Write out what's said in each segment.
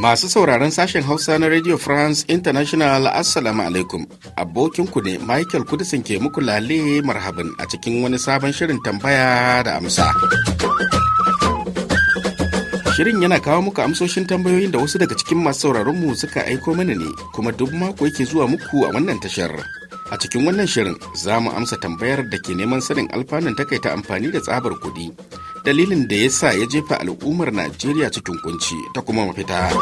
Masu sauraron sashen Hausa na Radio France International Assalamu alaikum. Abokinku ne Michael Kudisin ke muku lale marhaban a cikin wani sabon shirin tambaya da amsa. Shirin yana kawo muku amsoshin tambayoyin da wasu daga cikin masu sauraron mu suka aiko mana ne kuma duk mako yake zuwa muku a wannan tashar. A cikin wannan shirin za mu amsa tambayar da ke neman sanin alfanun takaita amfani da tsabar kuɗi. Dalilin da ya sa ya jefa al'ummar Najeriya cikin kunci ta kuma mafita.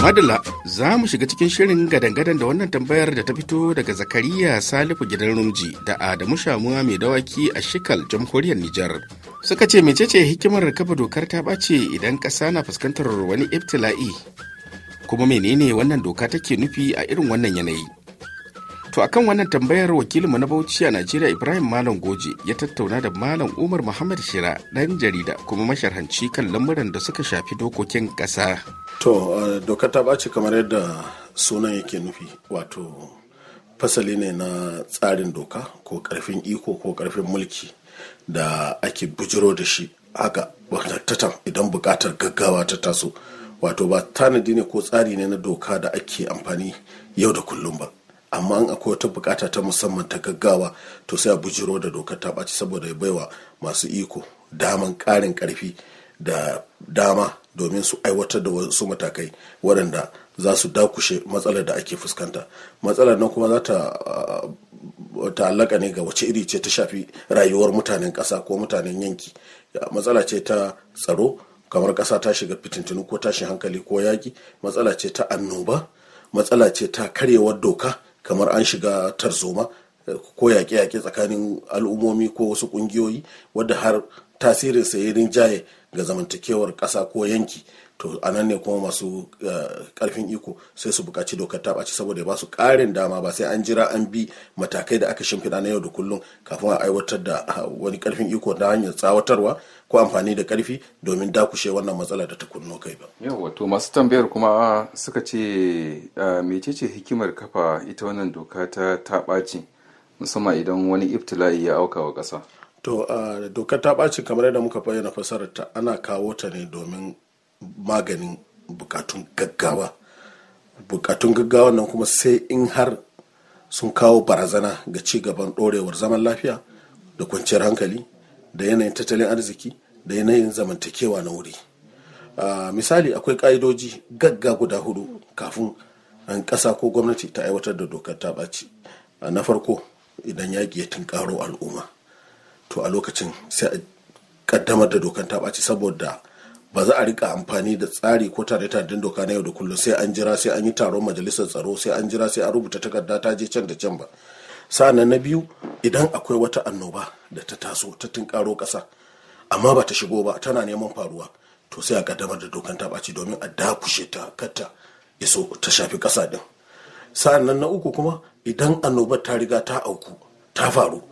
Madala za mu shiga cikin shirin gadangadan da wannan tambayar da ta fito daga Zakariya Salifu Gidan Rumji da Adamu Shamuwa mai dawaki a Shikal, Jamhuriyar Nijar. suka ce mecece hikimar kafa dokar ta bace idan ƙasa na fuskantar wani iftila'i kuma menene wannan doka take nufi a irin wannan yanayi to akan wannan tambayar wakilinmu na bauchi a najeriya ibrahim malam goje ya tattauna da malam umar muhammad shira ɗan jarida kuma masharhanci kan lamuran da suka shafi dokokin ƙasa to dokar ta bace kamar yadda sunan yake nufi wato fasali ne na tsarin doka ko karfin iko ko karfin mulki da ake bujiro da shi haka bakantattatan idan bukatar gaggawa ta taso wato ba tanadi ne ko tsari ne na doka da ake amfani yau da kullum ba amma in akwai wata bukata ta musamman ta gaggawa to sai a bujiro da dokar ta ɓaci saboda ya baiwa masu iko daman ƙarin ƙarfi da dama domin su aiwatar da wasu matakai waɗanda za su dakushe matsalar da ake fuskanta matsalar nan kuma za ta ta'allaka ne ga wace iri ce ta shafi rayuwar mutanen ƙasa ko mutanen yanki matsala ce ta tsaro kamar ƙasa ta shiga fitintinu ko tashin hankali ko yaƙi matsala ce ta annoba matsala ce ta karyewar doka kamar an shiga tarzoma ko yaƙe-yaƙe tsakanin al'ummomi ko wasu ƙungiyoyi wadda har tasirin sayirin jaye ga zamantakewar ƙasa ko yanki to a nan ne kuma masu karfin eh, iko sai su bukaci dokar ta ɓaci saboda ba su ƙarin dama ba sai an jira an bi matakai da aka shimfiɗa na yau da kullum kafin a aiwatar da ah, wani karfin iko na hanyar tsawatarwa ko amfani da karfi domin dakushe wannan matsala da ta kunno kai ba. Yawwa to masu tambayar kuma suka ce eh, mecece hikimar kafa ita wannan doka ta ta ɓaci musamman idan wani iftila'i ya auka wa ƙasa. To ah, dokar ta ɓaci kamar yadda muka bayyana ta ana kawo ta ne domin maganin bukatun gaggawa bukatun gaggawa nan kuma sai in har sun kawo barazana ga ci gaban ɗorewar zaman lafiya da kwanciyar hankali da yanayin tattalin arziki da yanayin zamantakewa na wuri misali akwai ƙa'idoji gagga guda hudu kafin an ƙasa ko gwamnati ta aiwatar da dokar ta ɓaci na farko idan yaƙi ya tunkaro al'umma to a lokacin sai a ƙaddamar da dokar ta ɓaci saboda ba za a rika amfani da tsari ko tare tardin doka na yau da kullum sai an jira sai an yi taron majalisar tsaro sai an jira sai an rubuta takarda ta je can da can ba sa'annan na biyu idan akwai wata annoba da ta taso ta tunkaro ƙasa amma ba ta shigo ba tana neman faruwa to sai a kaddamar da dokan ta ɓaci domin a dakushe ta katta iso ta shafi ƙasa din sa'annan na uku kuma idan annobar ta riga ta auku ta faru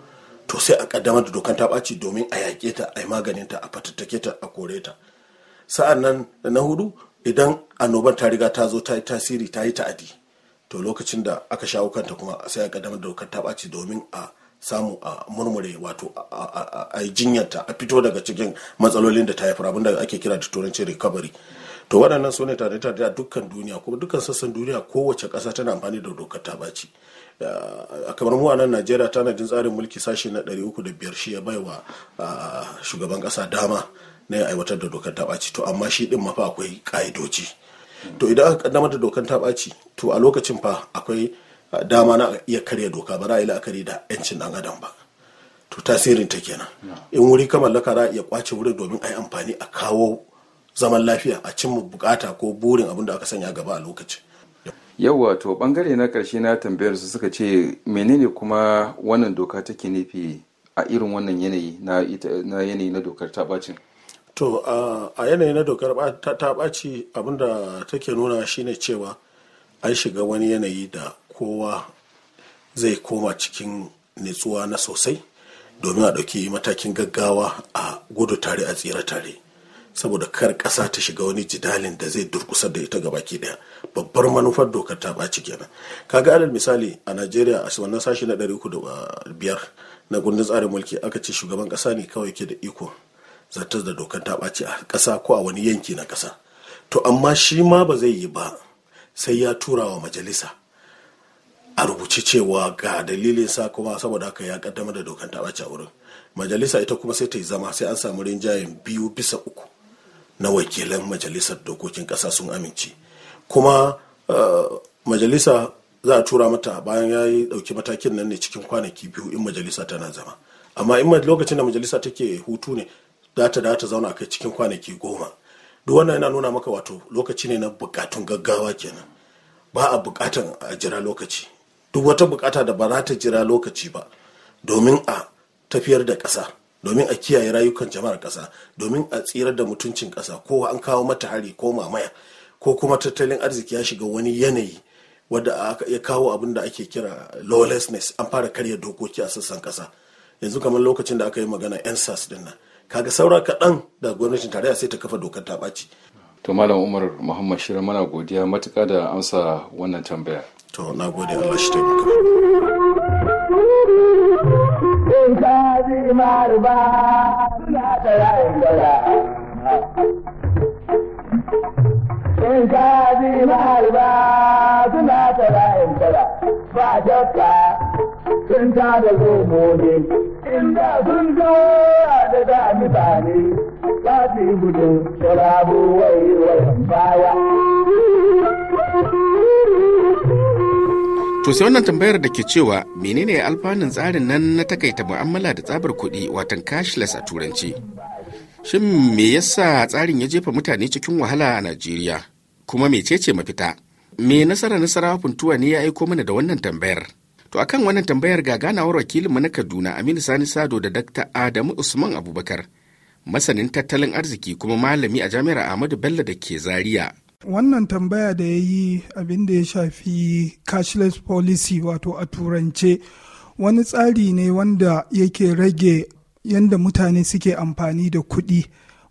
to sai a kaddamar da dokan ta ɓaci domin a yaƙe ta a yi maganinta a fatattake ta a kore ta sa'an nan na hudu idan annobar ta riga ta zo ta yi tasiri ta yi ta'adi to lokacin da aka shawo kanta kuma sai a kaddamar da dokar ta ɓaci domin a samu a murmure wato a yi jinyarta a fito daga cikin matsalolin da ta haifar abin da ake kira da turanci recovery to waɗannan su ne tare da a dukkan duniya kuma dukkan sassan duniya kowace ƙasa tana amfani da dokar ta ɓaci eh, kamar mu a nan najeriya tanadin tsarin mulki sashi na biyar shi ya wa ah, shugaban ƙasa dama na ya aiwatar da dokar ta to amma shi ɗin mafa akwai ƙa'idoji to idan aka kaddamar da dokar taɓaci to a lokacin fa akwai dama na iya karya doka ba za a yi la'akari da 'yancin ɗan adam ba to tasirin ta kenan in wuri ka mallaka za a iya kwace wurin domin a yi amfani a kawo zaman lafiya a cimma bukata ko burin abin da aka sanya gaba a lokacin yauwa to bangare na karshe na tambayar su suka ce menene kuma wannan doka take nufi a irin wannan yanayi na yanayi na dokar ta bacin to a yanayi na dokar ta ɓaci abinda take nuna shine cewa an shiga wani yanayi da kowa zai koma cikin nutsuwa na sosai domin a ɗauki matakin gaggawa a gudu tare a tsira tare saboda kar ƙasa ta shiga wani jidalin da zai durkusa da ita gaba ke daya babbar manufar dokar ta ɓaci kenan kaga alal misali a najeriya a wannan sashi na biyar na gundun tsarin mulki aka ce shugaban ƙasa ne kawai ke da iko zartar da dokan ta ɓaci a ƙasa ko a wani yanki na ƙasa to amma shi ma ba zai yi ba sai ya tura wa majalisa a rubuce cewa ga dalilin sa kuma saboda haka ya kaddamar da dokan ta ɓaci a wurin majalisa ita kuma sai ta yi zama sai an samu rinjayen biyu bisa uku na wakilan majalisar dokokin ƙasa sun amince kuma eh, majalisa za a tura mata bayan ya yi ɗauki matakin nan ne cikin kwanaki biyu in majalisa tana zama amma in lokacin da majalisa take hutu ne zata data ta zauna kai cikin kwanaki goma duk wannan yana nuna maka wato lokaci ne na bukatun gaggawa kenan ba a bukatan a jira lokaci duk wata bukata da ba za ta jira lokaci ba domin a tafiyar da ƙasa domin a kiyaye rayukan jama'ar ƙasa domin a tsirar da mutuncin ƙasa ko an kawo mata hari ko mamaya ko kuma tattalin arziki ya shiga wani yanayi wadda ya kawo abin da ake kira lawlessness an fara karya dokoki a sassan ƙasa yanzu kamar lokacin da aka yi magana ensas sas din kaga saura kaɗan da gwamnatin tarayya sai ta kafa dokar ta ɓaci. to malam umar muhammad shirin mana godiya matuƙa da amsa wannan tambaya. to na gode allah shi taimaka. in ka ji maruba suna maharba suna ta in kala ba shakka sun ta da zomo ne inda sun da da mutane ba su yi baya. To sai wannan tambayar da ke cewa menene alfanun tsarin nan na takaita mu'amala da tsabar kuɗi watan cashless a turanci. Shin me yasa tsarin ya jefa mutane cikin wahala a Najeriya? Kuma mecece mafita? Me nasara nasara funtuwa ne ya aiko mana da wannan tambayar? To a kan wannan tambayar ga ganawar wakilinmu na Kaduna Aminu Sani Sado da Dr. Adamu Usman Abubakar, masanin tattalin arziki kuma malami a jami'ar Ahmadu Bello da ke Zaria. Wannan tambaya da ya yi abin da ya shafi cashless policy wato a turance wani tsari ne wanda yake rage yadda mutane suke amfani da kuɗi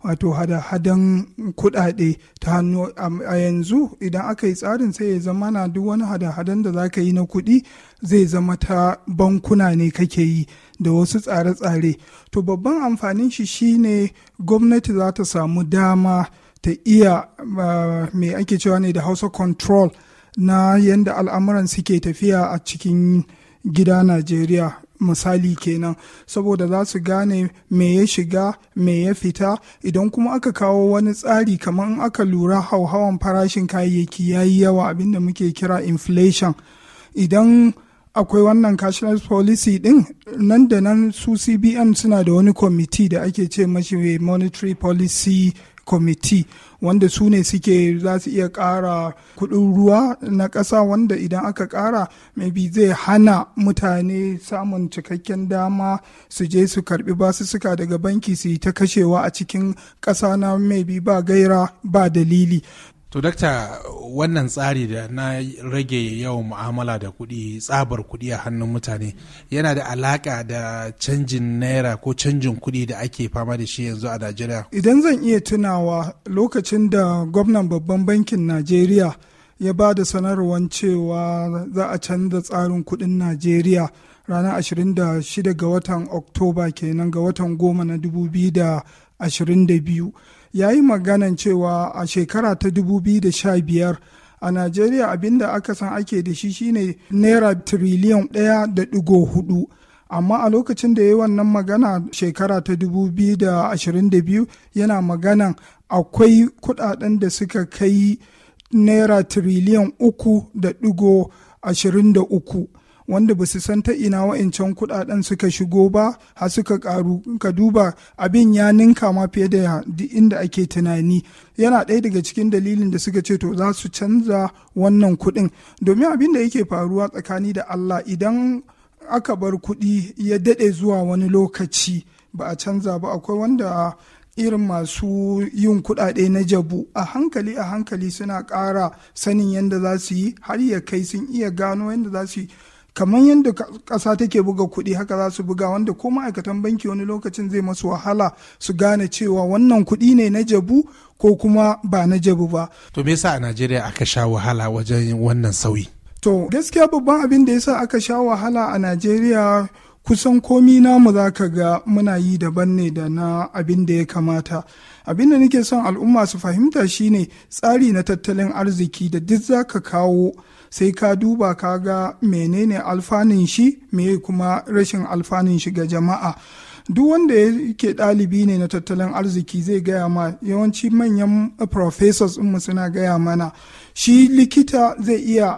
wato hada-hadan kuɗaɗe ta hannu a yanzu idan aka yi tsarin sai ya zama na duk wani hada-hadan da za ka yi na kuɗi zai zama ta bankuna ne kake yi da wasu tsare-tsare to babban amfanin shi shine gwamnati za ta samu dama ta iya mai ake cewa ne da hausa control na yadda al'amuran suke tafiya a cikin gida najeriya misali kenan saboda za su gane me ya shiga me ya fita idan kuma aka kawo wani tsari kamar in aka lura hauhawan farashin kayayyaki ya yi yawa abinda muke kira inflation idan akwai wannan cashless policy din nan da nan su cbn suna da wani kwamiti da ake ce mashi monetary policy kwamiti wanda su ne suke za su iya ƙara kudin ruwa na ƙasa wanda idan aka ƙara maybe zai hana mutane samun cikakken dama su je su karɓi basussuka daga banki su yi ta kashewa a cikin ƙasa na maybe ba gaira ba dalili To dakta wannan tsari da na rage yawan mu'amala da kuɗi tsabar kuɗi a hannun mutane yana da alaƙa da canjin naira ko canjin kuɗi da ake fama da shi yanzu a Najeriya. Idan zan iya tunawa lokacin da gwamnan babban bankin Najeriya ya ba da sanarwar cewa za a canza tsarin kuɗin Najeriya ranar 26 ga watan Oktoba kenan ga watan goma na 2022. ya yi maganan cewa a shekara ta 2015 a najeriya abinda aka san ake da shi shine naira tiriliyan 1.4, amma a lokacin da ya yi wannan magana shekara ta 2022 yana maganan akwai kudaden da suka kai naira tiriliyan uku da wanda ba su san ta ina wa'incan kuɗaɗen suka shigo ba har suka karu ka duba abin ya ninka ma fiye da duk inda ake tunani yana ɗaya daga cikin dalilin da suka ce to za su canza wannan kuɗin domin abin da yake faruwa tsakani da Allah idan aka bar kuɗi ya daɗe zuwa wani lokaci ba a canza ba akwai wanda irin masu yin kuɗaɗe na jabu a hankali a hankali suna kara sanin yadda za su yi har ya kai sun iya gano yadda za su yi kamar yadda ƙasa take buga kuɗi haka za su buga wanda ko ma'aikatan banki wani lokacin zai masu wahala su gane cewa wannan kuɗi ne na jabu ko kuma ba na jabu ba. To me yasa a Najeriya aka sha wahala wajen wannan sauyi? To gaskiya babban abin da yasa aka sha wahala a Najeriya kusan komi namu za ka ga muna yi daban ne da na abin da ya kamata abin da nake son al'umma su fahimta shine tsari na tattalin arziki da duk za ka kawo sai ka duba ka ga menene alfanun shi me kuma rashin alfanun shi ga jama'a duk wanda yake ɗalibi ne na tattalin arziki zai gaya ma yawanci manyan professors mu suna gaya mana shi likita zai iya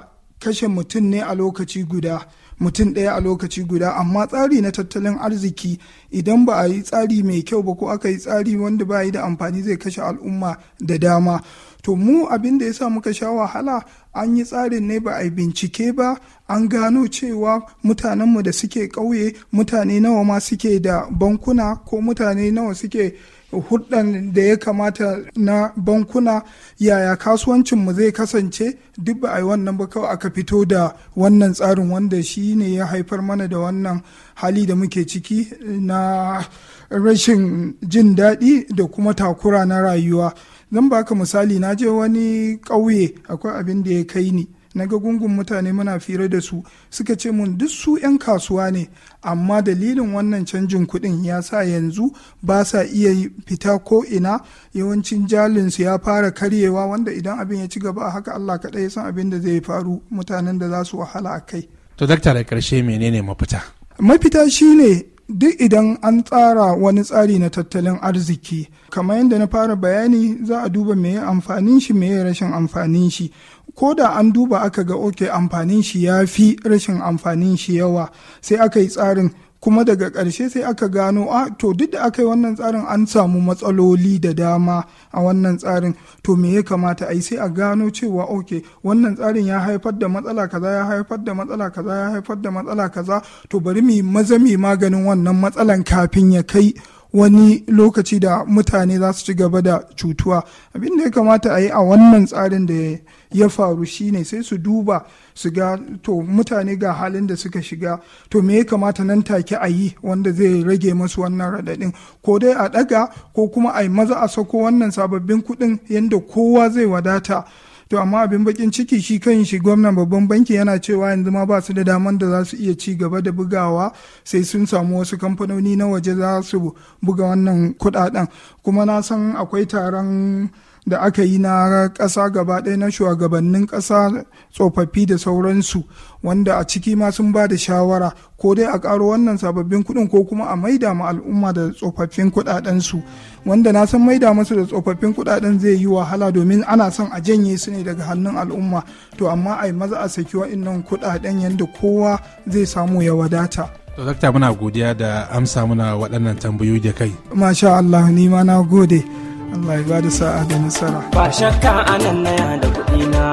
kashe mutum ne a lokaci guda mutum ɗaya a lokaci guda amma tsari na tattalin arziki idan ba a yi tsari mai kyau ba ko aka yi tsari wanda ba yi da amfani zai kashe al'umma da dama to mu abin da ya sa muka sha wahala an yi tsarin ne ba a bincike ba an gano cewa mutanenmu da suke ƙauye mutane nawa ma suke da bankuna ko mutane nawa suke huddan da ya kamata na bankuna yaya kasuwancin mu zai kasance duk ba a yi wannan ba kawai aka fito da wannan tsarin wanda shi ne ya haifar mana da wannan hali da muke ciki na rashin jin daɗi da kuma takura na rayuwa zan baka misali na je wani ƙauye akwai abin da ya kai ni na ga gungun mutane muna fira da su suka ce mun duk su 'yan kasuwa ne amma dalilin wannan canjin kuɗin ya sa yanzu ba sa iya fita ko ina yawancin jalinsu ya fara karyewa wanda idan abin ya ci gaba a haka Allah kaɗai ya san abin da zai faru mutanen da za su wahala a kai. To dakta da ƙarshe menene mafita? Mafita shine duk idan an tsara wani tsari na tattalin arziki kamar yadda na fara bayani za a duba me amfanin shi me rashin amfanin shi ko da an duba aka ga oke amfanin shi ya fi rashin amfanin shi yawa sai aka yi tsarin kuma daga karshe sai aka gano a to duk da aka yi wannan tsarin an samu matsaloli da dama a wannan tsarin to me ya kamata a yi sai a gano cewa ok wannan tsarin ya haifar da matsala kaza ya haifar da matsala kaza ya haifar da matsala kaza to bari mu maza mu maganin wannan matsalan kafin ya kai wani lokaci da mutane za su ci gaba da cutuwa abin da ya kamata a yi a wannan tsarin da ya ya faru shine sai su duba su ga to mutane ga halin da suka shiga to me ya kamata nan take a yi wanda zai rage masu wannan radadin ko dai a daga ko kuma a yi maza a sako wannan sababbin kuɗin yadda kowa zai wadata to amma abin bakin ciki shi kan shi gwamnan babban banki yana cewa yanzu ma ba su da daman da za su iya ci gaba da bugawa sai sun samu wasu kamfanoni na waje za su buga wannan kudaden kuma na san akwai taron da aka yi na ƙasa gaba ɗaya na shugabannin ƙasa tsofaffi da sauransu wanda a ciki ma sun ba da shawara ko dai a ƙaro wannan sababbin kuɗin ko kuma a maida ma al'umma da tsofaffin kuɗaɗensu wanda na san maida masu da tsofaffin kuɗaɗen zai yi wahala domin ana son a janye su ne daga hannun al'umma to amma ai maza a saki wa'innan kuɗaɗen yadda kowa zai samu ya wadata. To dakta muna godiya da amsa muna waɗannan tambayoyi da kai. Masha Allah ni ma na gode. Allah ya bada sa'a da nasara ba shakka anan na da kuɗi na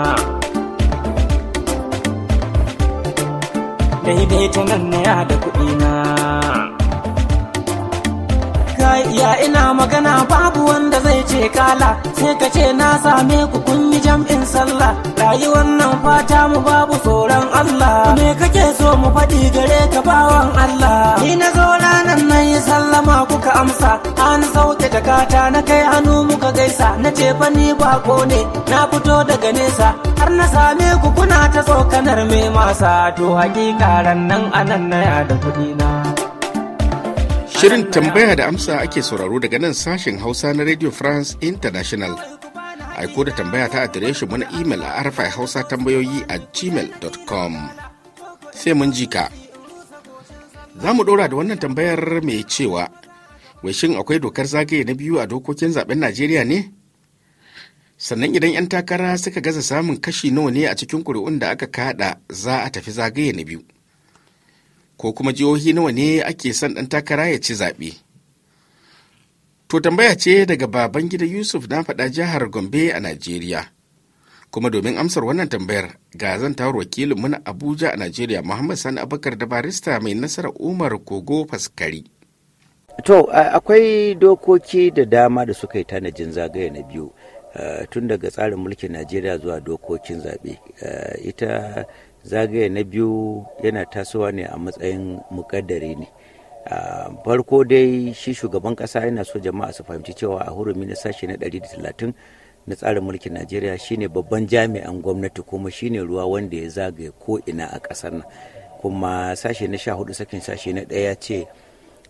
daidai ta nan na da kuɗi na ya ina magana babu wanda zai ce kala sai ka ce na same ku kun yi jam'in sallah rayuwar nan fata mu babu tsoron Allah me kake so mu faɗi gare ka bawan Allah ni na zo ranan nan yi sallama kuka amsa an sauke jakata na kai hannu muka gaisa na ce fa ni bako ne na fito daga nesa har na same ku kuna ta tsokanar me masa to hakika ran nan anan na da kuɗi na Shirin tambaya da amsa ake sauraro daga nan sashen Hausa na Radio France International. Aiko da tambaya ta adireshin mana imel a arfai hausa tambayoyi a gmail.com. Sai mun ji ka. Za mu ɗora da wannan tambayar mai cewa, wai shin akwai dokar zagaye na biyu a dokokin zaben Najeriya ne? Sannan idan 'yan takara suka gaza samun kashi nawa ne a cikin ƙuri'un da aka kada za a tafi zagaye na biyu. ko kuma jihohi nawa ne ake son ɗan takara ya ci zaɓe. To tambaya ce daga baban gida Yusuf na faɗa jihar Gombe a Najeriya. Kuma domin amsar wannan tambayar ga zan tawar wakilinmu na Abuja a Najeriya Muhammad Sani Abakar da barista mai nasarar Umar Kogo Faskari. To akwai dokoki da dama da suka yi tanajin zagaya na biyu. Eh, tun daga tsarin mulkin najeriya zuwa dokokin zaɓe uh, ita zagaye na biyu yana tasowa ne a matsayin mukaddare ne farko dai shi shugaban kasa yana so jama'a su fahimci cewa a hurumi na sashe na 130 na tsarin mulkin najeriya shine babban jami'an gwamnati kuma shine ruwa wanda ya zagaye ko ina a kasar nan kuma sashe na 14 sakin sashe na ɗaya ce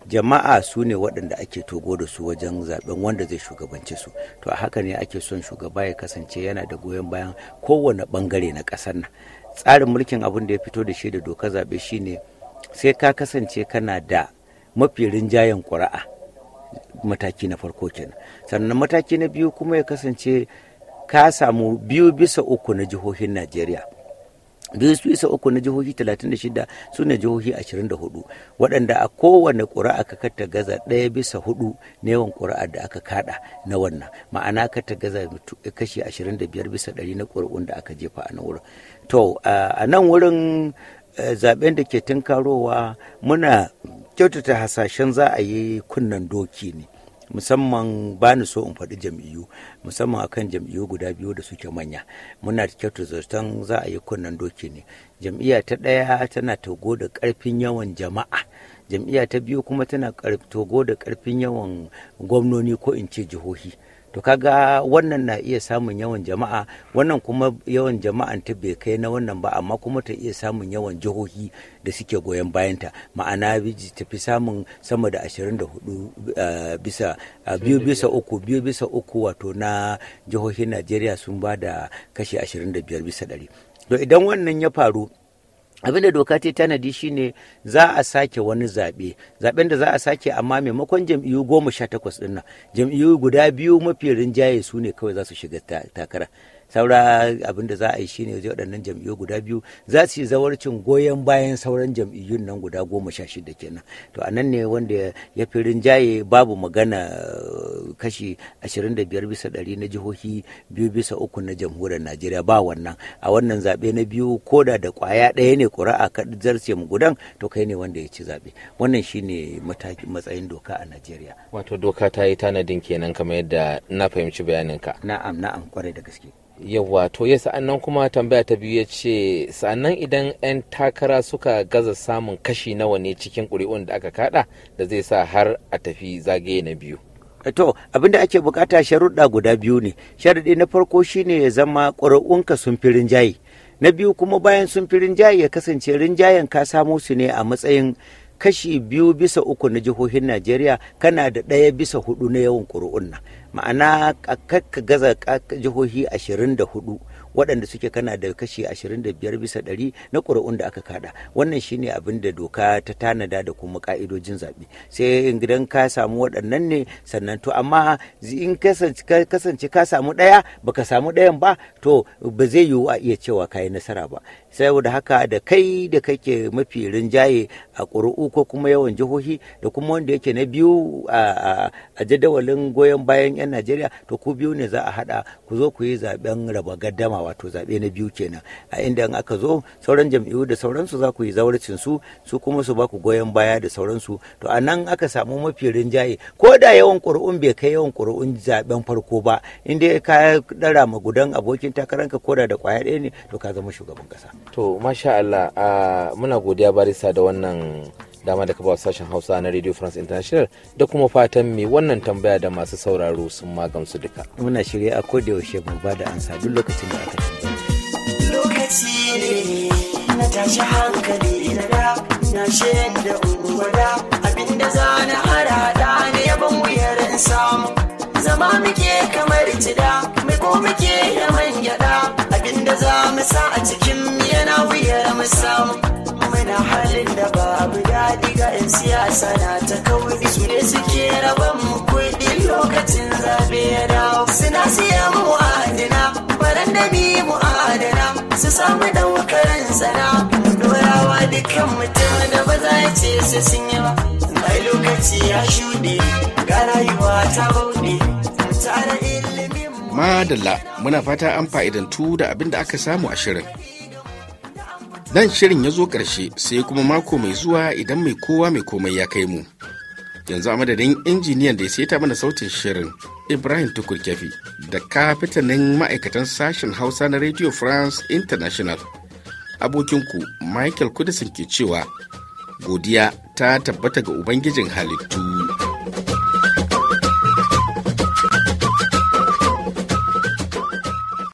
jama'a su ne waɗanda ake togo da su wajen zaben wanda zai shugabance su to a haka ne ake son shugaba ya kasance yana da goyon bayan kowane bangare na ƙasar nan tsarin mulkin abin da ya fito da shi da doka zaɓe shine sai ka kasance kana da mafi rinjayen ƙuri'a mataki na farko kenan sannan mataki na biyu kuma ya kasance ka samu biyu bisa uku na jihohin najeriya biyu su isa uku na jihohi 36 su ne jihohi 24 waɗanda a kowane ƙuri'a ka kata gaza ɗaya bisa hudu na yawan ƙuri'a da aka kada na wannan ma'ana ka ta gaza kashi 25 bisa ɗari na ƙuri'un da aka jefa a nan wurin to a nan wurin e, zaben da ke tunkarowa muna kyautata hasashen za a yi kunnen doki ne musamman ba ni so in faɗi jam'iyyu musamman akan jam'iyyu guda biyu da suke manya muna da kyautar zaton za a yi kunnan doki ne jam'iyya ta ɗaya tana togo da ƙarfin yawan jama'a jam'iyya ta biyu kuma tana togo da ƙarfin yawan gwamnoni ko in ce jihohi to kaga wannan na iya samun yawan jama'a wannan kuma yawan jama'an ta bai kai na wannan ba amma kuma ta iya samun yawan jihohi da suke goyon bayanta ma'ana ta fi samun sama da 24 eh, bisa eh, biyu bisa uku biyu bisa uku wato na jihohin najeriya sun ba da kashi 25 bisa ɗari to idan wannan ya faru abin da doka ta tanadi shine za a sake wani zaɓe zaɓen da za a sake amma maimakon jam'iyyu goma sha takwas ɗin nan jam'iyyu guda biyu mafi rinjaye su ne kawai za su shiga takara saura abin da za a yi shine zai waɗannan jam'iyyu guda biyu za su yi zawarcin goyon bayan sauran jam'iyyun nan guda goma sha shida kenan to a nan ne wanda ya fi rinjaye babu magana uh, kashi 25 bisa ɗari na jihohi biyu bisa uku na jamhuriyar najeriya ba wannan a wannan zaɓe na biyu koda da ƙwaya ɗaya ne ƙuri'a ka zarce mu gudan to kai ne wanda ya ci zaɓe wannan shine matsayin doka a najeriya wato doka ta yi tanadin kenan kamar yadda na fahimci bayaninka na'am na'am kwarai da gaske yawa to ya sa'annan kuma tambaya ta biyu ya ce sa'annan idan 'yan takara suka gaza samun kashi nawa ne cikin ƙuri'un da aka kada da zai sa har a tafi zagaye na biyu eh, to abinda ake bukata sharuɗa guda biyu ne sharuɗi na farko shine ya zama ƙuri'unka sun fi rinjaye na biyu kuma bayan sun fi rinjaye ya kasance rinjayen ka samo su ne a matsayin kashi biyu bisa uku na jihohin najeriya kana da ɗaya bisa hudu na yawan ƙuri'un nan ma'ana ka gaza jihohi ashirin 24 waɗanda suke kana da kashi biyar bisa ɗari na ƙuri'un da aka kada wannan shine abin da doka ta tanada da kuma ƙa'idojin zaɓe sai in gidan ka samu waɗannan ne sannan to amma in kasance ka samu ɗaya baka samu ɗayan ba to ba zai yiwu a iya cewa ka yi nasara ba saboda haka da kai da kake mafi rinjaye a ƙuri'u ko kuma yawan jihohi da kuma wanda yake na biyu a jadawalin goyon bayan 'yan najeriya to ku biyu ne za a haɗa ku zo ku yi zaben raba gaddama wato zaɓe na biyu kenan a inda in aka zo sauran jam'iyyu da sauransu za ku yi zawarcin su su kuma su baku goyon baya da sauransu to a nan aka samu mafi rinjaye ko da yawan ƙuri'un bai kai yawan ƙuri'un zaben farko ba inda ka ɗara magudan abokin takaranka ko da da ƙwaya ɗaya ne to ka zama shugaban ƙasa. to masha Allah muna godiya barisa da wannan dama da kaba sashen hausa na radio france international da kuma fatan mai wannan tambaya da masu sauraro sun magamsu duka muna shirya a da yaushe mu ba da ansa duk lokacin da aka lokaci ne na tashi hankali na da na da ungwada abinda za na harada ne wuyar samu zama muke kamar jida mai ko muke yaman gyada Inda za mu sa a cikin yana wuyar mu samu. Muna halin da babu daɗi ga 'yan siyasa na ta kawai su ne suke raban mu kuɗi lokacin zaɓe ya dawo. Suna siya mu adana, baran da mu su samu ɗaukarin sana. Mu dorawa dukkan mutum da ba za ya ce su sun yi ba. Mai lokaci ya shuɗe, ga rayuwa ta bauɗe, tare ilimi. madalla muna fata an fa'idantu da abin da aka samu a shirin nan shirin ya zo ƙarshe sai kuma mako mai zuwa idan mai kowa mai komai ya kai mu yanzu a madadin injiniyan da ya saita mana sautin shirin ibrahim tukurkefi da kafitanin ma'aikatan sashen hausa na radio france international abokinku michael kudisin ke cewa godiya ta tabbata ga ubangijin halittu